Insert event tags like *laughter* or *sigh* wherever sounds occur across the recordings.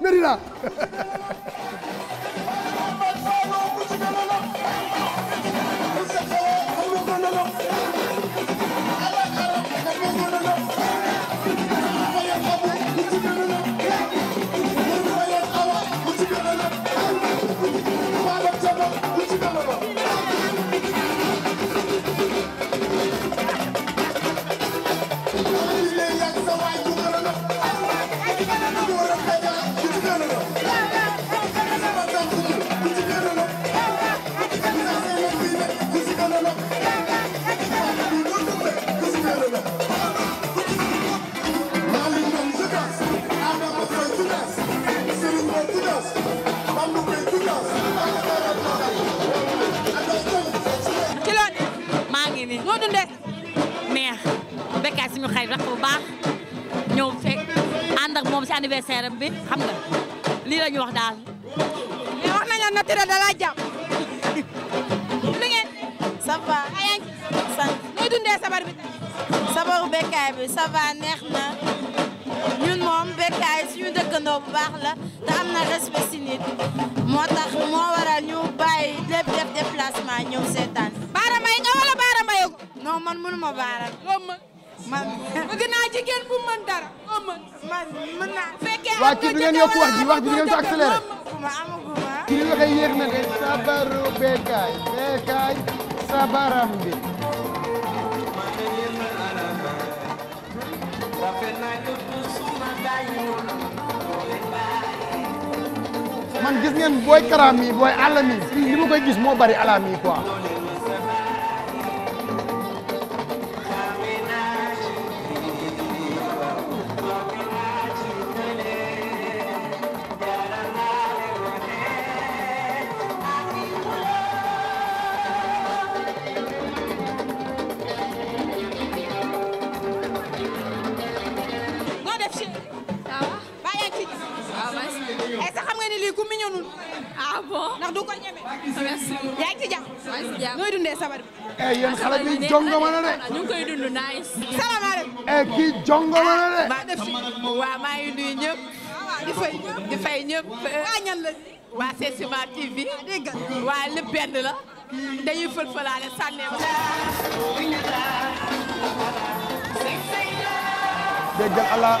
Medina *laughs* de neex bekkaay suñu xarit rakk bu baax ñëw fekk ànd ak moom si anniversaire bi xam nga lii la ñu wax daal. mais wax nañu ne naturel da laa jàpp. *laughs* ngeen. ça va. ayaan ah, sabar bi tey. sabaru bi ça neex na ñun moom bekkaay suñu dëkkandoo bu baax la te am na respect moo tax moo waral ñu bàyyi lépp def seetaan. non man mënuma baaral. loo mën man. bëgg naa jigéen bu mën dara. loo mën man mën naa. bu fekkee am na ngeen yokk wax ji wax ji ngeen ko accéléré. kii bi waxee yéeg na de sabaru beekaay beekaay sabaram bi. man gis yi booy moo bari àll mi quoi. ñëwul. ah bon ndax du ko yaa ngi ci jàmm. dundee sabar bi. eh yéen xale bi de. ñu koy dund nice. salaamaaleykum. eh ma na de. Ah, maa def si waaw maa ngi nuyu ñëpp. Ah, di waa ñan la. waa Setsima TV. Ah, waa lépp benn la. dañuy fël-fëlaale sànnee ba. déggal Allah.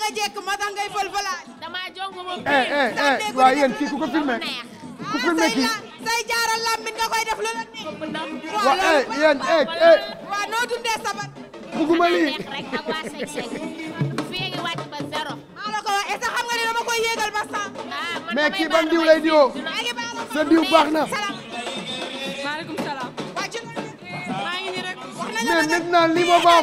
nga jekk moo tax ngay fël-fëlaat. damaa jong moom. tey waaye ku ko filmé ku ah, say jaaral làmmiñ nga koy def lu la nekk. waaw eh yéen eh eh. noo dundee sabat. bëgguma lii est-ce que xam nga ni dama koy yéegal ba sànq. Ah, mais kii ban diw lay diwoo. sa diw baax na. maaleykum salaam. mais lii moo baax.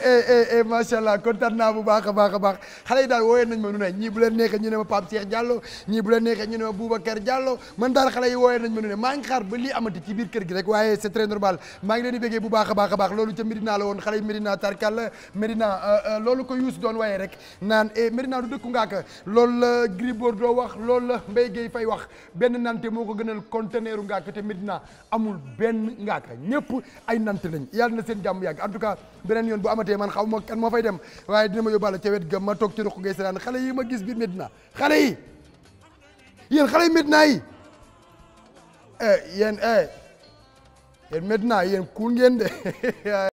Eh, eh, eh macha allah kontaan naa bu baax a baax a baax xale yi daal wooyee nañ ma nu ne ñii bu leen neexee ñu ne ma Pape Cheikh Diallo ñii bu leen neexee ma Boubacar Diallo man daal xale yi wooyee ma nu maa ngi xaar ba lii amati ci biir kër gi rek waaye c'est très normal maa ngi leen di béggee bu baax a baax a baax loolu ca Médina la woon xale yi tarkal Médina euh, euh, loolu ko Youssou doon waaye rek naan e du dëkku ngaaka loolu la Gris wax loolu la Mbaye Guèye wax benn nante na seen jàmm yàgg en tout man xaw ma kan moo fay dem waaye dina ma yóbbaale ca wet ga ma toog ci ruq gay seetaan xale yi ma gis biir Medina xale yi yéen xale yi Medina yi eh yéen eh yéen Medina yéen kuul ngeen de *laughs*